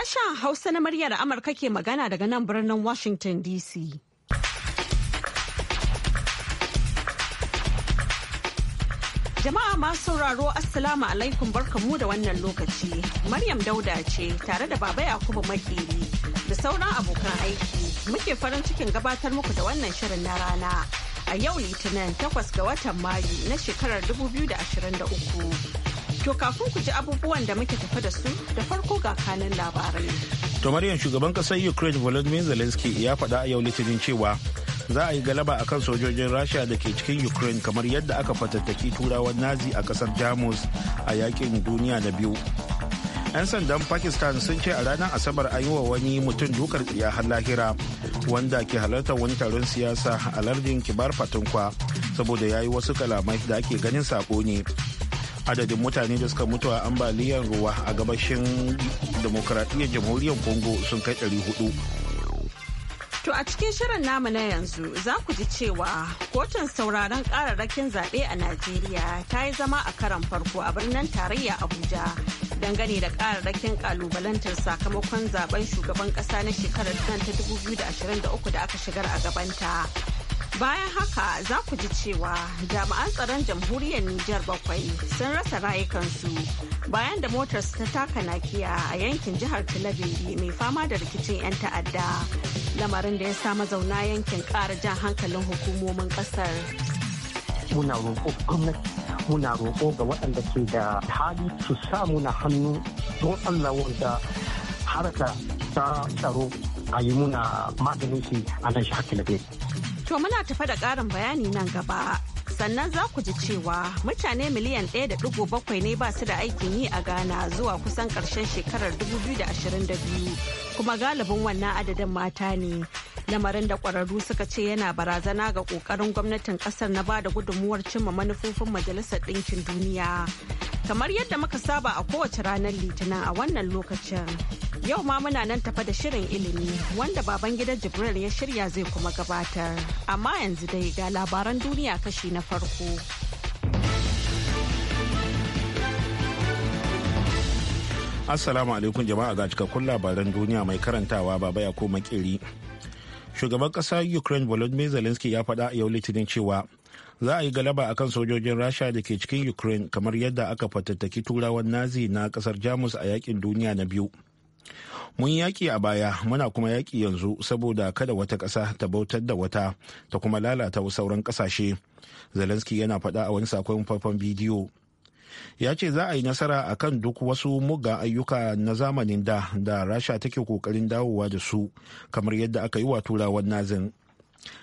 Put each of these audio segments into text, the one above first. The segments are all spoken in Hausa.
Sashen Hausa na muryar Amurka ke magana daga nan birnin Washington DC. Jama'a masu sauraro Assalamu alaikum barkamu da wannan lokaci. Maryam Dauda ce tare da Baba Yakubu Makeri da sauran abokan aiki. Muke farin cikin gabatar muku da wannan shirin na rana. A yau Litinin 8 ga watan Mayu na shekarar 2023. To kafin ku ji abubuwan da muke tafi da su da farko ga kanin labarai. To Maryam shugaban kasar Ukraine Volodymyr Zelensky ya faɗa a yau litinin cewa za a yi galaba akan sojojin Rasha da ke cikin Ukraine kamar yadda aka fatattaki turawan Nazi a kasar Jamus a yakin duniya na biyu. 'Yan sandan Pakistan sun ce a ranar Asabar an yi wa wani mutum dukar tsiya har lahira wanda ke halartar wani taron siyasa a lardin Kibar Fatunkwa saboda ya yi wasu kalamai da ake ganin sako ne. adadin mutane da suka mutu a ambaliyar ruwa a gabashin demokuraɗiyyar jamhuriyar congo sun kai hudu. To a cikin shirin namu na yanzu za ku ji cewa kotun sauraron kararrakin zaɓe a Najeriya ta yi zama a karan farko a birnin tarayya Abuja dangane da kararrakin kalubalantar sakamakon zaben shugaban ƙasa na shekarar 2023 da aka shigar a gabanta. Bayan haka za ku ji cewa jami'an tsaron jamhuriyar Nijar bakwai sun rasa rayukansu bayan da motarsu ta taka nakiya a yankin jihar Tilabiri mai fama da rikicin 'yan ta'adda. Lamarin da ya sa mazauna yankin ƙara jan hankalin hukumomin ƙasar. Muna roƙo gwamnati, muna roƙo ga waɗanda ke da hali su sa muna hannu don Allah wanda harka ta tsaro a yi muna maganin shi a nan shi To muna tafa da ƙarin bayani nan gaba. Sannan za ku ji cewa mutane miliyan 1.7 ne ba su da aikin yi a Ghana zuwa kusan ƙarshen shekarar 2022 kuma galibin wannan adadin mata ne. Lamarin da ƙwararru suka ce yana barazana ga ƙoƙarin gwamnatin ƙasar na ba da gudunmuwar cimma manufofin Majalisar Ɗinkin Duniya. Kamar yadda muka saba a kowace ranar Litinin a wannan lokacin. Yau ma muna nan tafa da shirin ilimi wanda baban gidan Jibril ya shirya zai kuma gabatar. Amma yanzu dai ga labaran duniya kashi na farko. Assalamu alaikum jama'a ga cikakkun labaran duniya mai karantawa baba ya koma makeri. Shugaban ƙasar Ukraine Volodymyr Zelensky ya faɗa yau litinin cewa za a yi galaba akan sojojin rasha da ke cikin ukraine kamar yadda aka fatattaki turawan nazi na kasar jamus a yakin duniya na biyu mun yaƙi a baya muna kuma yaƙi yanzu saboda kada wata ƙasa ta bautar da wata ta kuma lalata sauran ƙasashe zelensky yana faɗa a wani sakon faifan bidiyo ya ce za a yi nasara a kan duk wasu muga ayyuka na zamanin da da rasha take ƙoƙarin dawowa da su kamar yadda aka yi wa turawan nazin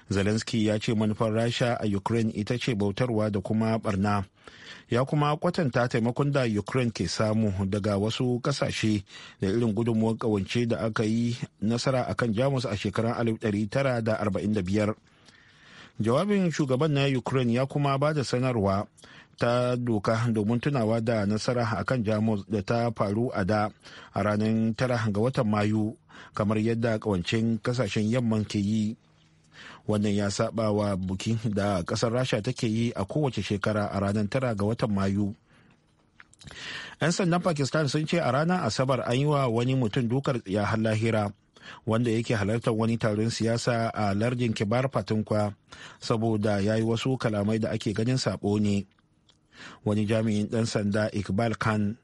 zelensky ya ce manufar rasha a ukraine ita ce bautarwa da kuma barna ya kuma kwatanta taimakon da ukraine ke samu daga wasu kasashe da irin gudunmuwar kawance da aka yi nasara akan jamus a shekarun 1945 jawabin shugaban na ukraine ya kuma ba da sanarwa ta doka domin tunawa da nasara akan jamus da ta faru a da a ranar 9 ga watan mayu kamar yadda kawancin kasashen yamman ke yi wannan ya saba wa bukin da kasar rasha take yi a kowace shekara a ranar tara ga watan mayu 'yan sandan pakistan sun ce a ranar asabar an yi wa wani mutum dukar ya lahira wanda yake halartar wani taron siyasa a larjin kibar fatinkwa saboda ya yi wasu kalamai da ake ganin sabo ne wani jami'in dan sanda iqbal khan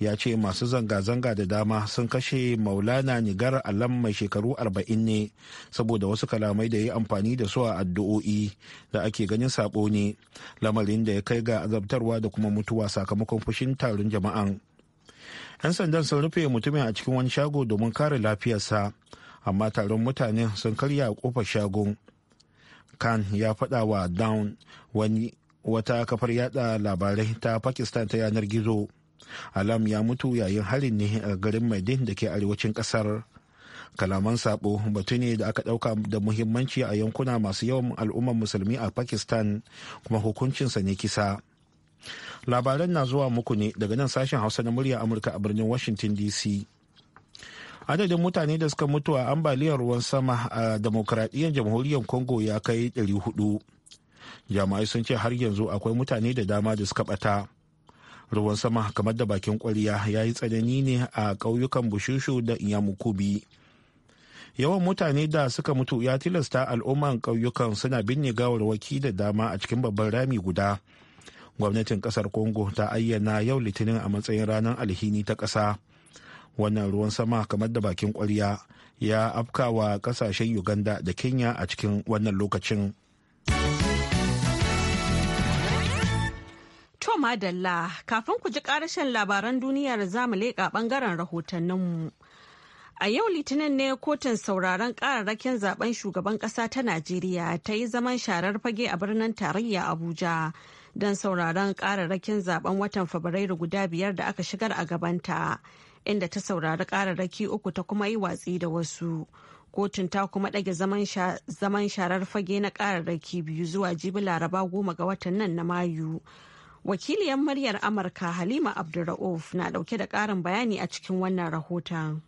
ya ce masu zanga-zanga da dama sun kashe maulana nigar alam mai shekaru 40 ne saboda wasu kalamai da ya yi amfani da su a addu'o'i da ake ganin sabo ne lamarin da ya kai ga azabtarwa da kuma mutuwa sakamakon fushin taron jama'an 'yan sandan sun rufe mutumin a cikin wani shago domin kare lafiyarsa amma taron mutane sun karya kofar shagon kan ya faɗa wa down wani wata kafar yada labarai ta pakistan ta yanar gizo alam ya mutu yayin harin ne a garin maidin da ke arewacin kasar kalaman sabo batu ne da aka dauka da muhimmanci a yankuna masu yawan al'ummar musulmi a pakistan kuma hukuncinsa ne kisa labaran na zuwa muku ne daga nan sashen hausa na murya amurka a birnin washington dc adadin mutane da suka mutu a ambaliyar ruwan sama a demokradiyyar jamhuriyar congo ya kai 400 jama'ai sun ce har yanzu akwai mutane da dama da suka bata ruwan sama kamar da bakin kwariya ya yi tsanani ne a ƙauyukan bushushu da inyamukubi yawan mutane da suka mutu ya tilasta al'umman ƙauyukan suna binne gawarwaki da dama a cikin babban rami guda gwamnatin ƙasar congo ta ayyana yau litinin a matsayin ranar alhini ta ƙasa wannan ruwan sama kamar da bakin kwarya ya afkawa ƙasashen uganda da kenya a cikin wannan lokacin. To madalla kafin ku ji karashen labaran duniyar zamu leƙa ɓangaren rahotanninmu. A yau Litinin ne kotun sauraron kararrakin zaben shugaban ƙasa ta Najeriya ta yi zaman sharar fage a birnin tarayya Abuja don sauraron kararrakin zaben watan Fabrairu guda biyar da aka shigar a gabanta, inda ta saurari kararraki uku ta kuma yi watsi da wasu. kotun ta kuma ɗage zaman sharar fage na ƙararraki biyu zuwa jibi laraba goma ga watan nan na mayu wakiliyar muryar amurka halima abdulra'uf na dauke da karin bayani a cikin wannan rahoton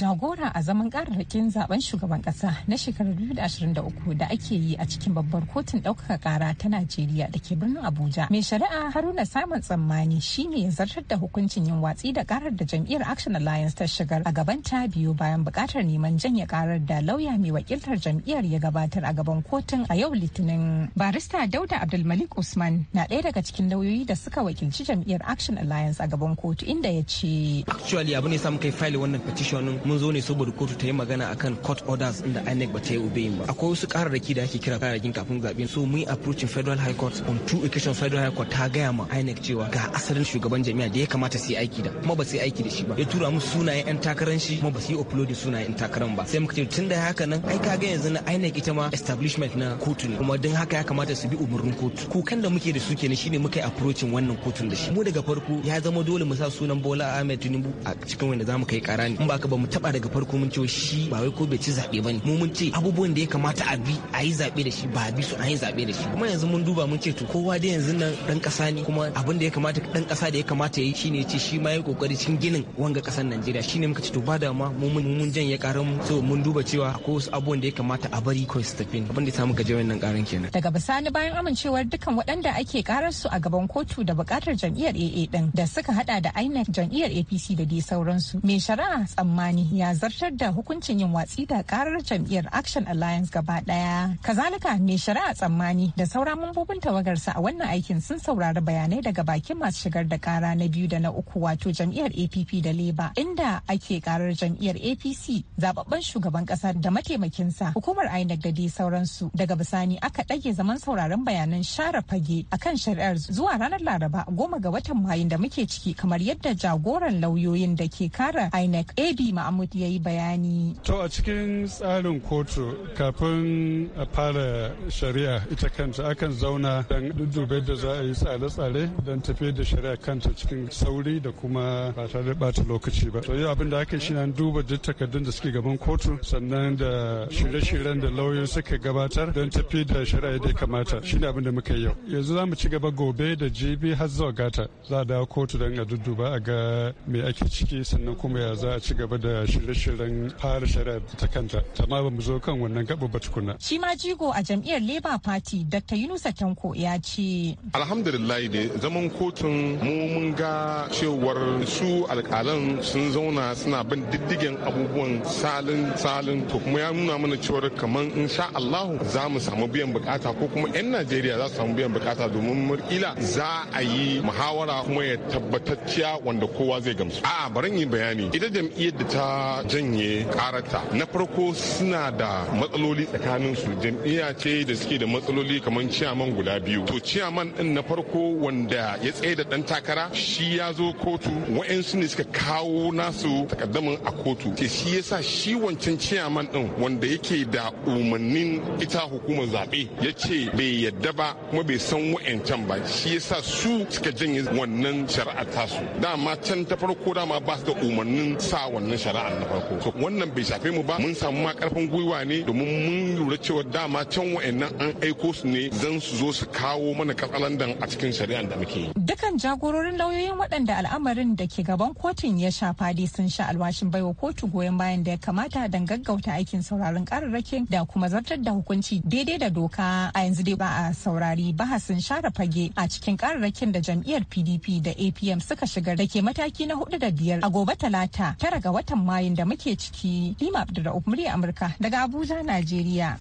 jagora a zaman kararrakin zaben shugaban kasa na shekarar 2023 da ake yi a cikin babbar kotun ɗaukaka kara ta najeriya da ke birnin abuja mai shari'a haruna samun tsammani shine ya zartar da hukuncin yin watsi da karar da jam'iyyar action alliance ta shigar a gaban ta biyu bayan bukatar neman janye karar da lauya mai wakiltar jam'iyyar ya gabatar a gaban kotun a yau litinin barista dauda abdulmalik usman na ɗaya daga cikin lauyoyi da suka wakilci jam'iyyar action alliance a gaban kotu inda ya ce actually abu ne sa kai file wannan petition mun zo ne saboda kotu ta yi magana akan court orders inda INEC ba ta yi obeying ba akwai wasu kararraki da ake kira kararrakin kafin zaɓe so mun approaching federal high court on two occasions federal high court ta gaya ma INEC cewa ga asalin shugaban jami'a da ya kamata su yi aiki da kuma ba su aiki da shi ba ya tura musu sunayen yan takaran shi kuma ba su yi upload sunayen yan takaran ba sai muka ce tun da haka nan ai ga yanzu na INEC ita ma establishment na kotu ne kuma don haka ya kamata su bi umarnin kotu kukan da muke da su kenan shine muka yi approaching wannan kotun da shi mu daga farko ya zama dole mu sa sunan Bola Ahmed Tinubu a cikin wanda zamu kai kara ne in ba ka ba mu taba daga farko mun ce shi ba wai ko bai ci zaɓe ba ne mu mun ce abubuwan da ya kamata a bi a yi zaɓe da shi ba a bi su an yi zaɓe da shi kuma yanzu mun duba mun ce to kowa da yanzu nan dan ƙasa ne kuma abin da ya kamata dan ƙasa da ya kamata yi shine ce shi ma ya kokari cikin ginin wanga ƙasar Najeriya shine muka ce to ba da ma mu mun mun janye karan mu so mun duba cewa akwai wasu abubuwan da ya kamata a bari ko su tafi abin da ya samu gaje wannan ƙaran kenan daga bisani bayan amincewar dukkan waɗanda ake karar su a gaban kotu da bukatar jam'iyyar AA din da suka hada da INEC jam'iyyar APC da dai sauransu me shari'a tsammani Sani ya zartar da hukuncin yin watsi da karar jam'iyyar Action Alliance gaba daya. Kazalika mai shari'a tsammani da sauran mambobin tawagarsa a wannan aikin sun saurari bayanai daga bakin masu shigar da kara na biyu da na uku wato jam'iyyar APP da Leba inda ake karar jam'iyyar APC zababben shugaban kasa da mataimakinsa hukumar INEC da dai sauransu daga bisani aka ɗage zaman sauraron bayanan share fage akan shari'ar zuwa ranar Laraba goma ga watan Mayun da muke ciki kamar yadda jagoran lauyoyin da ke kara INEC AB ma. mahmud ya yi bayani to a cikin tsarin kotu kafin a fara shari'a ita kanta akan zauna don dudube da za a yi tsare-tsare don tafiyar da shari'a kanta cikin sauri da kuma ba tare da bata lokaci ba to yau abin da aka shi an duba duk takardun da suke gaban kotu sannan da shirye-shiryen da lauyoyi suka gabatar don tafiyar da shari'a ya kamata shine abin da muka yi yau yanzu za mu ci gaba gobe da jibi har zuwa gata za a dawo kotu don a dudduba a ga me ake ciki sannan kuma ya za a ci gaba da shirye-shiryen fara shari'a ta kanta amma ba mu zo kan wannan gaba ba tukuna shi ma jigo a jam'iyyar labour party dr yunusa tanko ya ce alhamdulillah ne zaman kotun mu mun ga cewar su alkalan sun zauna suna bin diddigen abubuwan salin salin to kuma ya nuna mana cewar kamar insha allahu za mu samu biyan bukata ko kuma 'yan najeriya za su samu biyan bukata domin murƙila za a yi muhawara kuma ya tabbatacciya wanda kowa zai gamsu a'a barin yi bayani ita jam'iyyar da ta ta janye karata na farko suna da matsaloli tsakanin su jam'iyya ce da suke da matsaloli kamar ciyaman guda biyu to ciyaman din na farko wanda ya tsaye da dan takara shi ya zo kotu wa'ansu ne suka kawo nasu takaddamin a kotu ke shi yasa shi wancan ciyaman din wanda yake da umarnin ita hukumar zaɓe ya ce bai yadda ba kuma bai san wa'ancan ba shi yasa su suka janye wannan shari'a tasu dama can ta farko dama ba su da umarnin sa wannan shari'a na farko so wannan bai shafe mu ba mun samu ma karfin gwiwa ne domin mun lura cewa dama can wa'annan an aiko su ne zan su zo su kawo mana katsalandan a cikin shari'an da muke yi dukan jagororin lauyoyin waɗanda al'amarin da ke gaban kotun ya shafa dai sun sha alwashin baiwa kotu goyon bayan da ya kamata don gaggauta aikin sauraron kararrakin da kuma zartar da hukunci daidai da doka a yanzu dai ba a saurari bahasin share fage a cikin kararrakin da jam'iyyar pdp da apm suka shigar da ke mataki na hudu da biyar a gobe talata tara ga watan mayin da muke ciki. Lima Abdulrahman murya Amurka daga Abuja, Najeriya.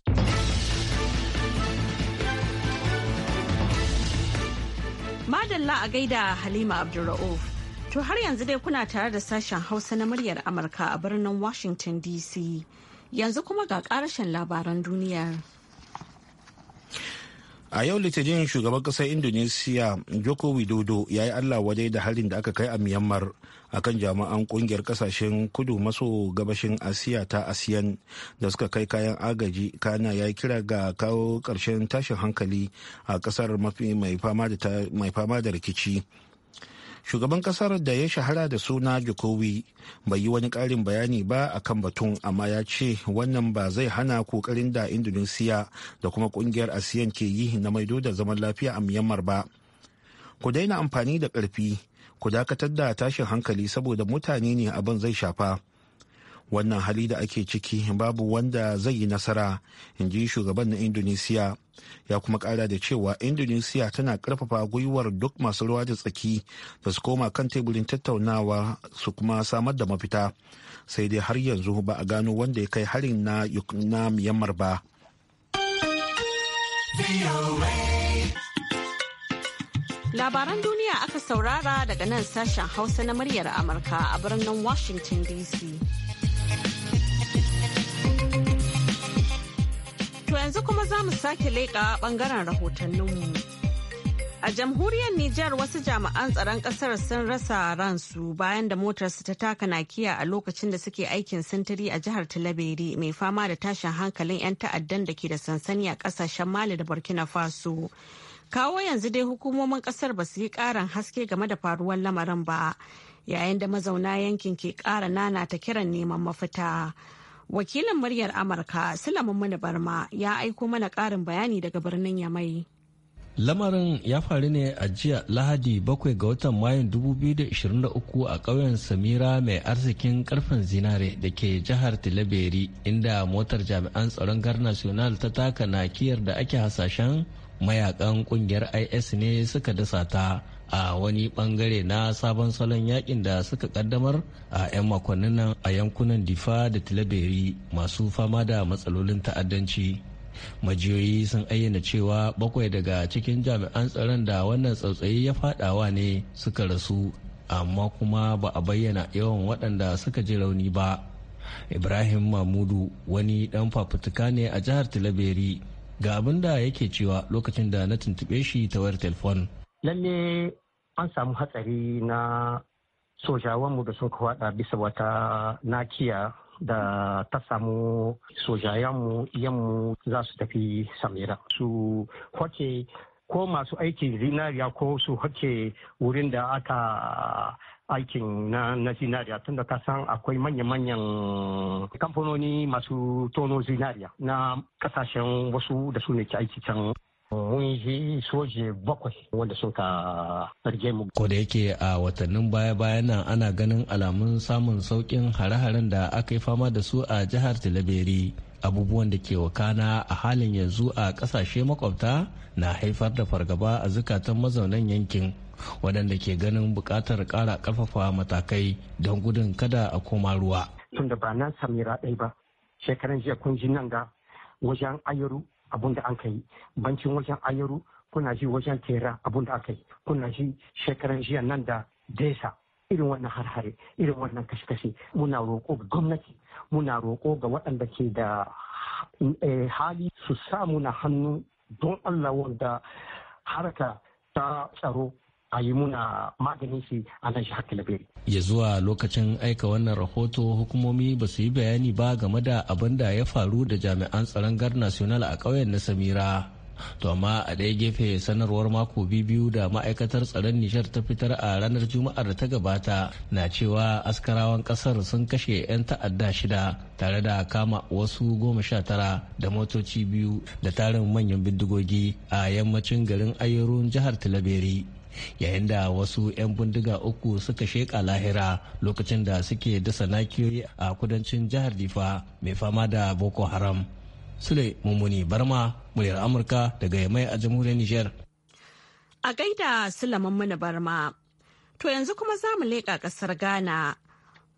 Madalla a gaida Halima Abdulra'uf. To har yanzu dai kuna tare da sashen Hausa na muryar Amurka a birnin Washington DC. Yanzu kuma ga ƙarashin labaran duniya. a yau litinin shugaban kasar indonesiya joko widodo ya yi allah waje da harin da aka kai a myanmar a kan jami'an kungiyar kasashen kudu maso gabashin asiya ta asiyan da suka kai kayan agaji kana ya kira ga kawo karshen tashin hankali a kasar mai fama da rikici shugaban kasar da ya shahara da suna jokowi bai yi wani karin bayani ba a kan batun amma ya ce wannan ba zai hana kokarin da indonesiya da kuma kungiyar asiyan ke yi na maido da zaman lafiya a myanmar ba ku daina amfani da karfi ku dakatar da tashin hankali saboda mutane ne abin zai shafa wannan hali da ake ciki babu wanda zai yi nasara in ji shugaban na indonesiya ya kuma kara da cewa indonesiya tana karfafa gwiwar duk masu ruwa da tsaki da su koma kan teburin tattaunawa su kuma samar da mafita sai dai har yanzu ba a gano wanda ya kai harin na, na myanmar ba labaran duniya aka saurara daga nan sashen hausa na muryar amurka a birnin washington dc To yanzu kuma za mu sake leƙa ɓangaren rahotanninmu. A jamhuriyar Nijar wasu jami'an tsaron ƙasar sun rasa ransu bayan da motarsu ta taka nakiya a lokacin da suke aikin sintiri a jihar Talabere mai fama da tashin hankalin 'yan ta'addan da ke da sansani a ƙasashen Mali da Burkina Faso. Kawo yanzu dai hukumomin ƙasar ba su yi ƙarin haske game da faruwar lamarin ba, yayin da mazauna yankin ke ƙara nana ta kiran neman mafita. Wakilin muryar Amurka Sulaiman Mani Barma ya aiko mana karin bayani daga birnin Yamai. Lamarin ya faru ne a jiya Lahadi 7 ga watan Mayun 2023 a ƙauyen Samira mai arzikin karfin zinare da ke jihar Tilaberi inda motar jami'an tsaron gar national ta taka nakiyar da ake hasashen mayakan kungiyar IS ne suka dasa ta. a wani bangare na sabon salon yakin da suka kaddamar a 'yan makonnin nan a yankunan difa da tilaberi masu fama da matsalolin ta'addanci majiyoyi sun ayyana cewa bakwai daga cikin jami'an tsaron da wannan tsautsayi ya fadawa ne suka rasu amma kuma ba a bayyana yawan waɗanda suka ji rauni ba ibrahim mamudu wani ɗan fafutuka ne a jihar tilaberi ga abin da yake cewa lokacin da na tuntuɓe shi ta wayar telefon lalle an samu hatsari na sojawanmu da sun kawada bisa wata nakiya da ta samu sojayenmu yanmu za su tafi samira su hoke ko masu aikin zinariya ko su hake wurin da aka aikin na, na zinariya tunda ka san akwai manya-manyan kamfanoni masu tono zinariya na kasashen wasu da su ne ke aiki can mun shi soje bakwai wanda sun ka farge mu. Ko da yake a watannin baya-bayan nan ana ganin alamun samun saukin hare-haren da aka yi fama da su a jihar Tilaberi. Abubuwan da ke wakana a halin yanzu a kasashe makwabta na haifar da fargaba a zukatan mazaunan yankin waɗanda ke ganin buƙatar ƙara ƙarfafa matakai don gudun kada a koma ruwa. Tunda ba nan samira ɗai ba, shekaran jiya kun ji nan ga wajen ayaru abun da an kai bancin wajen ayaru kuna ji wajen tera abun da aka yi kuna ji shekaran jiya nan da desa irin wannan harhare irin wannan kashe-kashe muna roƙo ga gwamnati muna roƙo ga waɗanda ke da eh, hali su sa muna hannu don allah wanda harka ta tsaro a yi muna maganin shi a nan shi ya zuwa lokacin aika wannan rahoto hukumomi ba su yi bayani ba game da abin da ya faru da jami'an tsaron gar national a ƙauyen na samira to amma a ɗaya gefe sanarwar mako biyu da ma'aikatar tsaron nijar ta fitar a ranar juma'ar da ta gabata na cewa askarawan ƙasar sun kashe 'yan ta'adda shida tare da kama wasu goma sha tara da motoci biyu da tarin manyan bindigogi a yammacin garin ayoro jihar tilaberi yayin da wasu 'yan bindiga uku suka sheƙa lahira lokacin da suke dasa nakiyoyi a kudancin jihar difa mai fama da boko haram sule mummuni barma muryar amurka daga yamai a jamhuriyar niger a gaida sulaman mana barma to yanzu kuma za mu leƙa ƙasar ghana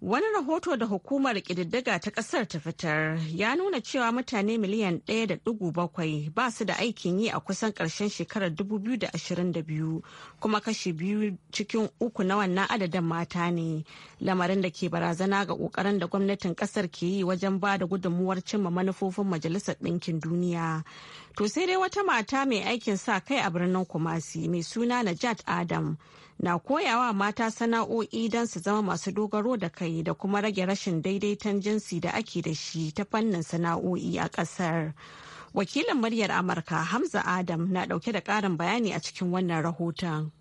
Wani rahoto da hukumar ƙididdiga ta ƙasar ta fitar ya nuna cewa mutane miliyan ɗaya da bakwai ba su da aikin yi a kusan ƙarshen shekarar 2022 kuma kashi biyu cikin uku na wannan adadin mata ne lamarin da ke barazana ga ƙoƙarin da gwamnatin ƙasar ke yi wajen ba da gudunmuwar cimma manufofin majalisar ɗinkin duniya. To sai dai wata mata mai aikin sa kai a birnin Kumasi mai suna Najat Adam na koyawa mata sana'o'i don su zama masu dogaro da kai da kuma rage rashin daidaiton jinsi da ake da shi ta fannin sana'o'i a ƙasar. Wakilin muryar Amurka Hamza Adam na ɗauke da ƙarin bayani a cikin wannan rahoton.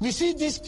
We see this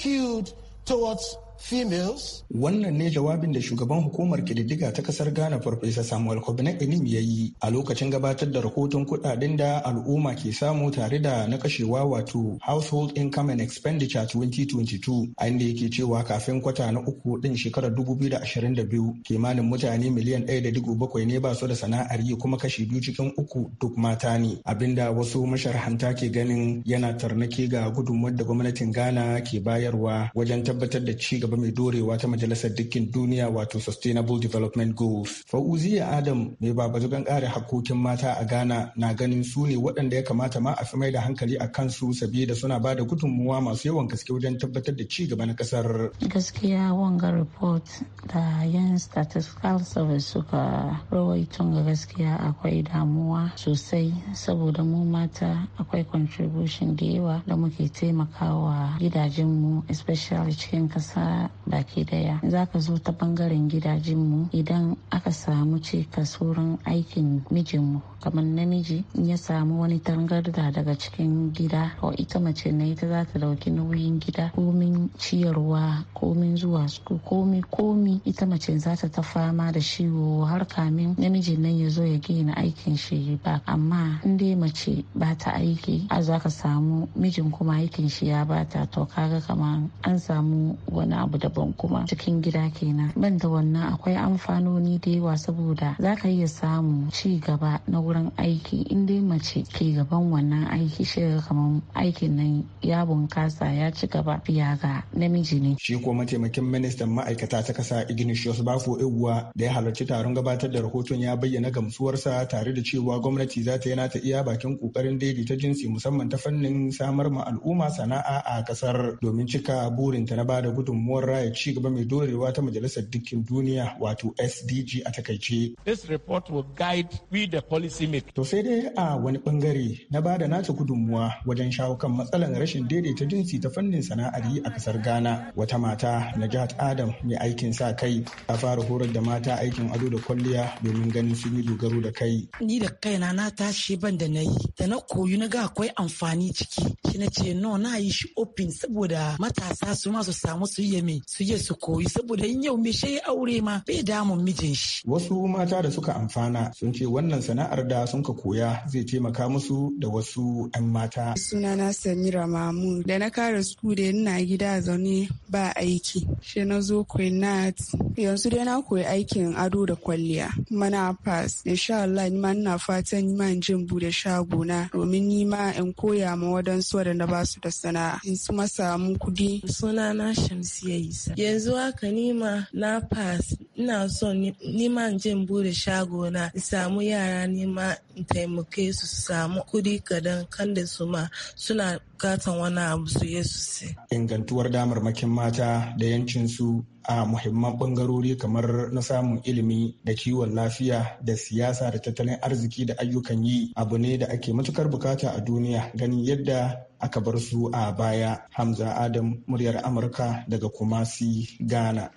females. Wannan ne jawabin da shugaban hukumar kididdiga ta kasar Ghana Farfesa Samuel Kobne inim ya yi a lokacin gabatar da rahoton kudaden da al'umma ke samu tare da na kashewa wato Household Income and Expenditure 2022 a inda yake cewa kafin kwata na uku din shekarar 2022 kimanin mutane miliyan 1.7 ne ba su da sana'ar yi kuma kashe biyu cikin uku duk mata ne abinda wasu masharhanta ke ganin yana tarnake ga gudunmuwar da gwamnatin Ghana ke bayarwa wajen tabbatar da ci gaba gaba mai dorewa ta majalisar dukkin duniya wato sustainable development goals fauziya adam mai babazugan kare hakokin mata a ghana na ganin su ne waɗanda ya kamata ma a fi mai da hankali a kansu sabida suna ba da gudunmuwa masu yawan gaske wajen tabbatar da ci gaba na kasar gaskiya wanga report da yan statistical service suka rawaito ga gaskiya akwai damuwa sosai saboda mu mata akwai contribution da yawa da muke taimakawa gidajenmu especially cikin kasa baki daya za ka zo ta bangaren gidajenmu idan aka samu ce wurin aikin mijinmu kamar namiji in ya samu wani tangarda daga cikin gida ko ita mace na ita za ta dauki nauyin gida komin ciyarwa komin zuwa su komi komi ita mace za ta ta fama da shiwo har kamin namiji nan ya zo ya gina aikin shi ba amma in dai mace ba ta aiki a za ka samu mijin kuma aikin shi ya bata to kaga kamar an samu wani abu abu daban kuma cikin gida kenan ban da wannan akwai amfanoni da yawa saboda za ka iya samu ci gaba na wurin aiki in dai mace ke gaban wannan aiki shi kamar aikin nan ya bunkasa ya ci gaba fiya ga namiji ne shi ko mataimakin ministan ma'aikata ta kasa ignatius bafo iguwa da ya halarci taron gabatar da rahoton ya bayyana gamsuwarsa tare da cewa gwamnati za ta yi ta iya bakin kokarin daidaita jinsi musamman ta fannin samar ma al'umma sana'a a kasar domin cika burinta na bada gudunmuwa gudunmuwar raya ci gaba mai dorewa ta majalisar dukkin duniya wato SDG a takaice. This report will guide we the policy make. To sai dai a wani bangare na bada nata gudunmuwa wajen shawo kan matsalar rashin daidaita jinsi ta fannin sana'ar yi a kasar Ghana. Wata mata na Jihar Adam mai aikin sa kai ta fara horar da mata aikin ado da kwalliya domin ganin sun yi dogaro da kai. Ni da kaina na tashi ban da na yi da na koyi na ga akwai amfani ciki shi na ce no na yi shi open saboda matasa su ma su samu su yi ilimi su je su koyi saboda in yau mishe ya aure ma bai damun mijin shi. Wasu mata da suka amfana sun ce wannan sana'ar da sun ka koya zai taimaka musu da wasu 'yan mata. Sunana Samira Mamu da na kare su da ina gida zaune ba aiki. Shi na zo Quinat yanzu dai na koyi aikin ado da kwalliya. Mana pass insha Allah ni ma ina fatan ni ma in jin bude shago na domin ni ma in koya ma wadansu waɗanda ba su da sana'a. In su ma samu kuɗi. Sunana Shamsiya. ya yi sa yanzu haka nima na pass ina son nima in je in shago na in samu yara nima in taimake su su samu kuɗi kadan kan da su ma suna bukatan wani abu su yi su Ingantuwar damarmakin mata da yancinsu a muhimman bangarori kamar na samun ilimi da kiwon lafiya da siyasa da tattalin arziki da ayyukan yi abu ne da ake matukar bukata a duniya ganin yadda aka bar su a baya. Hamza Adam muryar Amurka daga Kumasi, Ghana.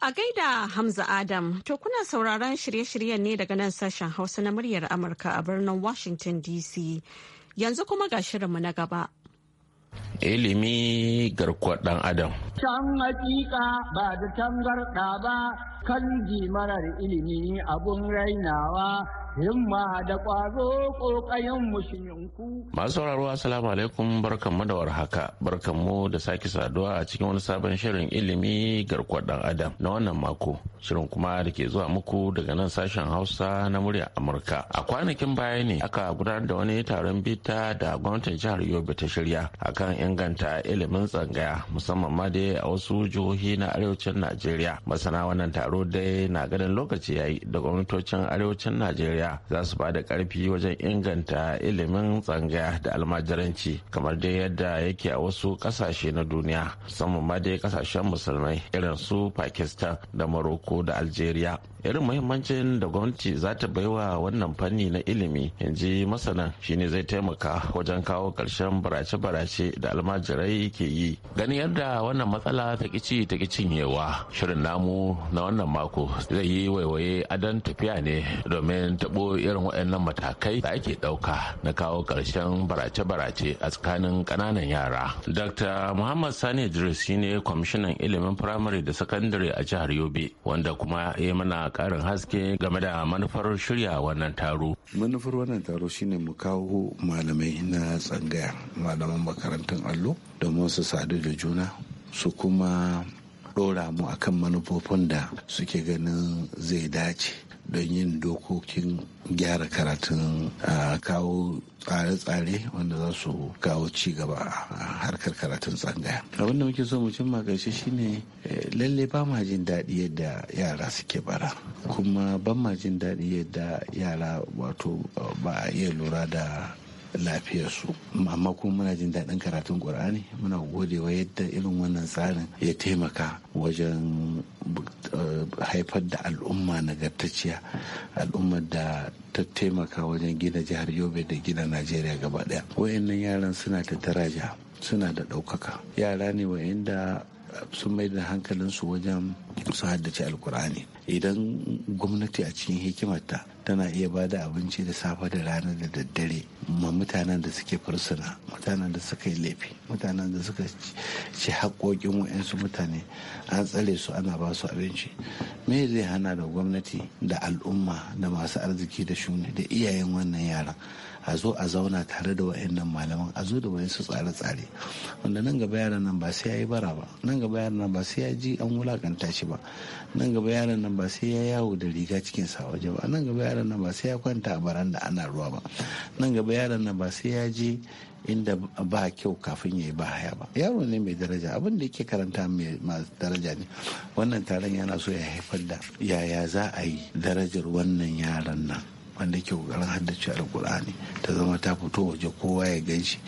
A gaida Hamza Adam, to kuna sauraron shirye-shiryen ne daga nan sashen Hausa na muryar Amurka a birnin Washington DC. Yanzu kuma ga shirinmu na gaba. ilimi garkuwar ɗan adam. Can hakika ba da tangarɗa ba kan marar ilimi abun rainawa himma da ƙwazo ƙoƙayen mushinku. Masu sauraro assalamu alaikum barkanmu da warhaka barkanmu da sake saduwa a cikin wani sabon shirin ilimi garkuwar ɗan adam na wannan mako shirin kuma da ke zuwa muku daga nan sashen hausa na murya amurka a kwanakin baya ne aka gudanar da wani taron bita da gwamnatin jihar yobe ta shirya akan inganta ilimin tsangaya musamman ma dai a wasu jihohi na arewacin najeriya masana wannan taro dai na ganin lokaci yayi da gwamnatocin arewacin najeriya za su bada karfi wajen inganta ilimin tsangaya da almajiranci kamar dai yadda yake a wasu kasashe na duniya musamman ma dai kasashen musulmai irin su pakistan da maroko da algeria irin muhimmancin da gwamnati za ta baiwa wannan fanni na ilimi in ji masana shine zai taimaka wajen kawo ƙarshen barace-barace da almajirai ke yi ganin yadda wannan matsala ta kici ta cinyewa shirin namu na wannan mako zai yi waiwaye adon tafiya ne domin taɓo irin waɗannan matakai da ake ɗauka na kawo ƙarshen barace-barace a tsakanin ƙananan yara dr muhammad sani idris shine kwamishinan ilimin firamare da sakandare a jihar yobe wanda kuma ya mana karin haske game da manufar shirya wannan taro. Manufar wannan taro shine mu kawo malamai na tsangaya malaman makarantun allo domin su sadu da juna su kuma ɗora mu akan manufofin da suke ganin zai dace don yin dokokin gyara karatun kawo tsare-tsare wanda za su kawo ci gaba a harkar karatun tsangaya abin da muke so mu cimma ƙarshe shine eh, lalle ba ma jin daɗi yadda yara suke bara kuma ban ma jin daɗi yadda yara wato ba a iya lura da lafiyarsu amma kuma muna jin daɗin karatun ƙur'ani muna godewa yadda irin wannan tsarin ya taimaka wajen eh, haifar da al'umma nagartacciya al'ummar da ta taimaka wajen gina jihar yobe da gina najeriya gaba ɗaya wayannan yaran suna da daraja suna da ɗaukaka yara ne wayanda sun mai da hankalinsu wajen su haddace alkur'ani idan gwamnati a cikin hikimarta tana iya ba da abinci da safe da rana da daddare ma mutanen da suke fursuna mutanen da suka yi laifi mutanen da suka ci haƙoƙin wa'insu mutane an tsare su ana ba su abinci me zai hana da gwamnati da al'umma da masu arziki da shuni da iyayen wannan yaran a zo a zauna tare da wa'annan malaman a zo da su tsare-tsare wanda nan gaba yaran nan ba sai ya yi bara ba nan gaba yaran nan ba sai ya ji an wulakanta shi ba nan gaba yaron nan ba sai ya yawo da riga cikin sa waje ba nan gaba yaron nan ba sai ya kwanta a baranda ana ruwa ba nan gaba yaron nan ba sai ya je inda ba kyau kafin ya yi ba haya ba yaro ne mai daraja abin da yake karanta mai daraja ne wannan taron yana so ya haifar da yaya za a yi darajar wannan yaron nan wanda ke kokarin haddace alkur'ani ta zama ta fito waje kowa ya gan shi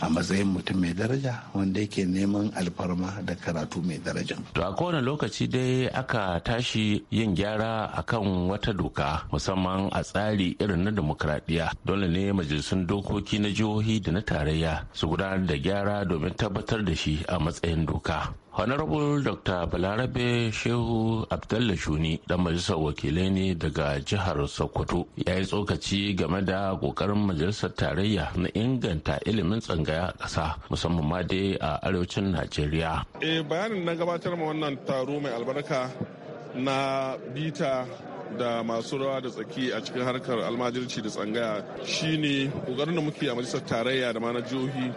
a matsayin mutum mai daraja wanda yake neman alfarma da karatu mai daraja. to a kowane lokaci dai aka tashi yin gyara akan wata doka musamman a tsari irin na demokradiyya dole ne majalisun dokoki na jihohi da na tarayya su gudanar da gyara domin tabbatar da shi a matsayin doka honorable dr balarabe shehu abdullah shuni dan majalisar wakilai ne daga jihar sokoto ya yi tsokaci game da kokarin majalisar tarayya na inganta ilimin tsangaya a ƙasa musamman ma dai a arewacin najeriya eh bayanin na gabatar ma wannan taro mai albarka na bita da masu rawa da tsaki a cikin harkar almajirci da tsangaya shine kokarin da muke a majalisar tarayya da ma na jihohi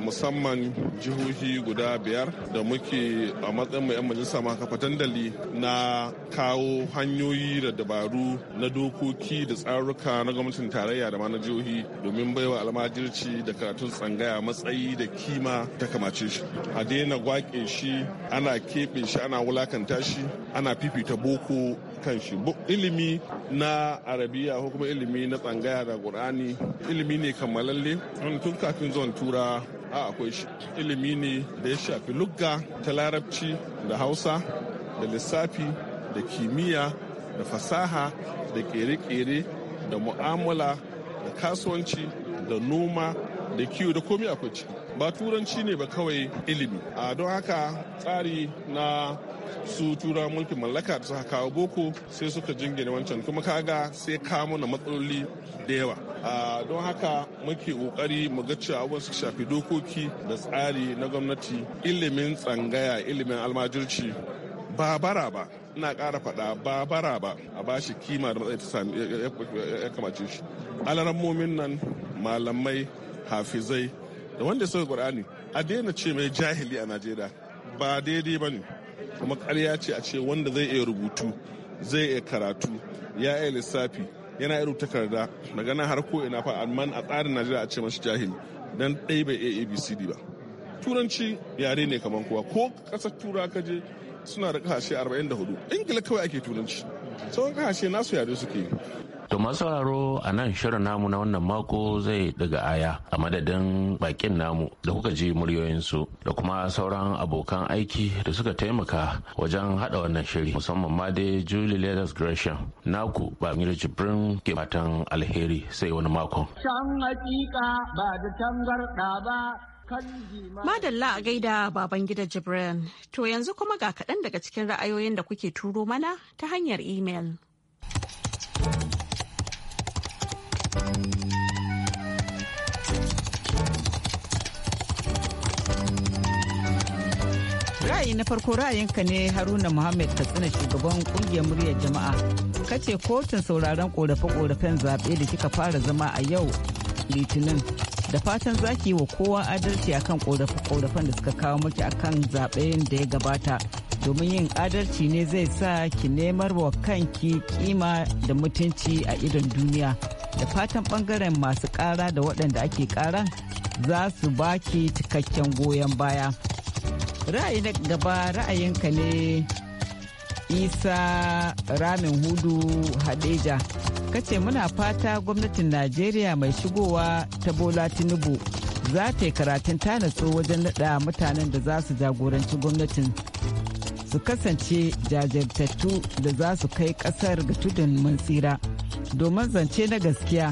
musamman jihohi guda biyar da muke a matsayin mu 'yan majalisa ma kafa dandali na kawo hanyoyi da dabaru na dokoki da tsaruka na gwamnatin tarayya da na jihohi domin baiwa almajirci da karatun tsangaya matsayi da kima ta kamace shi a daina gwaƙe shi ana keɓe shi ana wulakanta shi ana fifita boko kan shi ilimi na arabiya ko kuma ilimi na tsangaya da qur'ani ilimi ne kammalalle tun kafin zuwan tura a akwai shi ilimi ne da ya shafi lugga ta larabci da hausa da lissafi da kimiyya da fasaha da kere-kere da mu'amala da kasuwanci da noma da kiwo da komi akwai ciki ba turanci ne ba kawai ilimi a don haka tsari na su tura mulkin mallaka da suka kawo boko sai suka jingine wancan kuma kaga sai kamo na matsaloli da yawa don haka muke kokari mu ga cewa wasu shafi dokoki da tsari na gwamnati ilimin tsangaya ilimin almajirci ba bara ba ina ƙara faɗa ba bara ba a ba shi kima da matsayi ta ya kamace shi alarammomin nan malamai hafizai da wanda suka qur'ani a daina ce mai jahili a najeriya ba daidai ba ne kuma ƙarya ce a ce wanda zai iya rubutu zai iya karatu ya iya lissafi yana irin takarda na har ko ina fa amma a tsarin najeriya a ce mashi jahili dan ɗaya bai AABCD ba turanci yare ne kamar kowa ko ƙasar tura ka je suna da hudu 44 ingila kawai ake turanci sauran kasashe nasu yare suke yi To masu sauraro a nan shirin namu na wannan mako zai daga aya a madadin bakin namu da kuka ji muryoyinsu da kuma sauran abokan aiki da suka taimaka wajen hada wannan shiri musamman ma dai Julie Leathers Gresham naku ba da jibrin ke fatan alheri sai wani makon. Madalla a gaida baban gida Jibrin, to yanzu kuma ga kaɗan daga cikin ra'ayoyin da kuke turo mana ta hanyar imel. ra'ayi na farko ra'ayinka ne haruna muhammad katsina shugaban kungiyar muryar jama'a kace kotun sauraron korafe-korafen zaɓe da kika fara zama a yau litinin da fatan zaki wa kowa adalci akan korafe-korafen da suka kawo maki akan zaɓe da ya gabata domin yin adalci ne zai sa ki nemar wa kanki kima da mutunci a idon duniya da fatan bangaren masu ƙara da waɗanda ake ƙara za su baki cikakken goyon baya ra'ayi na gaba ra'ayinka ne isa ramin hudu hadeja kace muna fata gwamnatin najeriya mai shigowa ta bola tinubu za ta yi karatun tanatsu wajen nada mutanen da za su jagoranci gwamnatin su kasance jajirtattu da za su kai kasar ga tudun mun tsira domin zance na gaskiya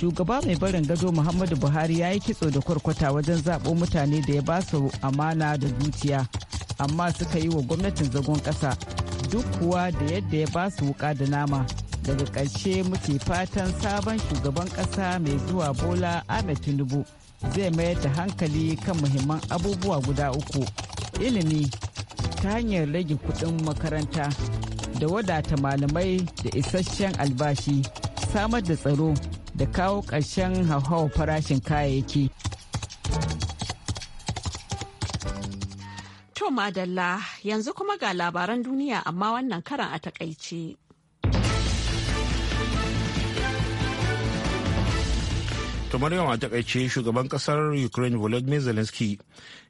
shugaba mai barin gado muhammadu buhari ya yi kitso da kwarkwata wajen zaɓo mutane da ya ba su amana da zuciya amma suka yi wa gwamnatin zagon ƙasa duk kuwa da yadda ya ba su wuka da nama daga ƙarshe muke fatan sabon shugaban ƙasa mai zuwa bola ahmed tinubu zai mayar da hankali kan muhimman abubuwa guda uku ilimi ta hanyar rage kuɗin makaranta da wadata malamai da isasshen albashi samar da tsaro da kawo ƙarshen hauhawa farashin kayayyaki. To madalla yanzu kuma ga labaran duniya amma wannan karan a takaice. kamar yawan a takaice shugaban kasar ukraine volodymyr zelensky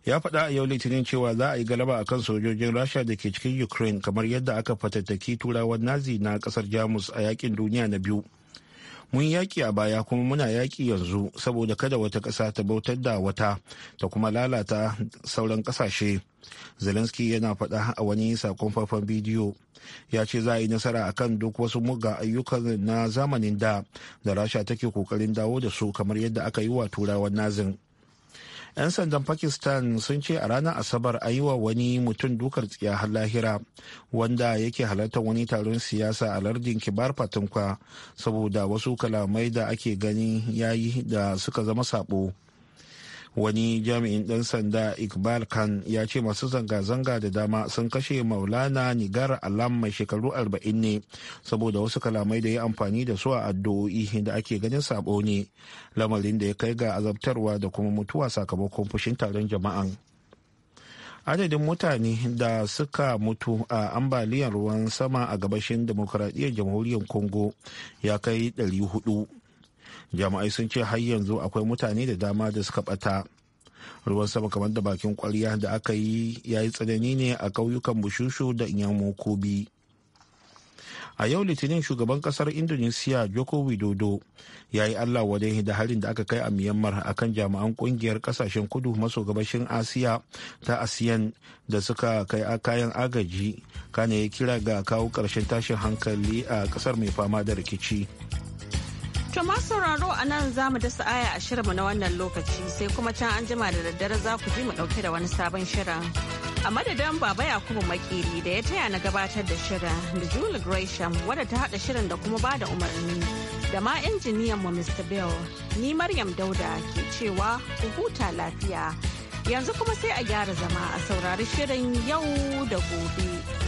ya faɗa a yau litinin cewa za a yi galaba a kan sojojin rasha da ke cikin ukraine kamar yadda aka fatattaki turawan nazi na kasar jamus a yakin duniya na biyu mun yaƙi a baya kuma muna yaƙi yanzu saboda kada wata ƙasa ta bautar da wata ta kuma lalata sauran ƙasashe zelensky yana faɗa a wani sakon faifan bidiyo ya ce za a yi nasara akan duk wasu muga ayyukan na zamanin da da rasha take ƙoƙarin dawo da su kamar yadda aka yi wa turawan nazin 'yan sandan pakistan sun ce a ranar asabar a yi wa wani mutum dukar tsiya har lahira wanda yake halartar wani taron siyasa a lardin kibar fatunkwa saboda wasu kalamai da ake gani yayi da suka zama sabo wani jami'in ɗan sanda iqbal khan ya ce masu zanga-zanga da dama sun kashe maulana nigar alam mai shekaru 40 ne saboda wasu kalamai da ya amfani da su a addu'o'i da ake ganin sabo ne lamarin da ya kai ga azabtarwa da kuma mutuwa sakamakon fushin taron jama'an adadin mutane da suka mutu a ambaliyar ruwan sama a gabashin demokuraɗiyyar jamhuriyar congo ya kai 400 jama'ai sun ce har yanzu akwai mutane da dama da suka bata ruwan sama kamar da bakin kwarya da aka yi ya yi tsanani ne a ƙauyukan bushushu da inyamu kobi a yau litinin shugaban kasar indonesiya joko widodo ya yi allah wadai da harin da aka kai a myanmar a kan jami'an kungiyar kasashen kudu maso gabashin asiya ta asiyan da suka kai a kayan agaji kane ya kira ga kawo ƙarshen tashin hankali a kasar mai fama da rikici ma sauraro a nan za mu dasa aya a shirinmu na wannan lokaci sai kuma can an jima da daddare za ku ji mu dauke da wani sabon shirin. A madadin Baba Yakubu Makeri da ya taya na gabatar da shirin da Julie Gresham wadda ta haɗa shirin da kuma bada umarni da ma injiniyan mu Mr. Bill ni Maryam Dauda ke cewa ku huta lafiya. Yanzu kuma sai a gyara zama a saurari shirin yau da gobe.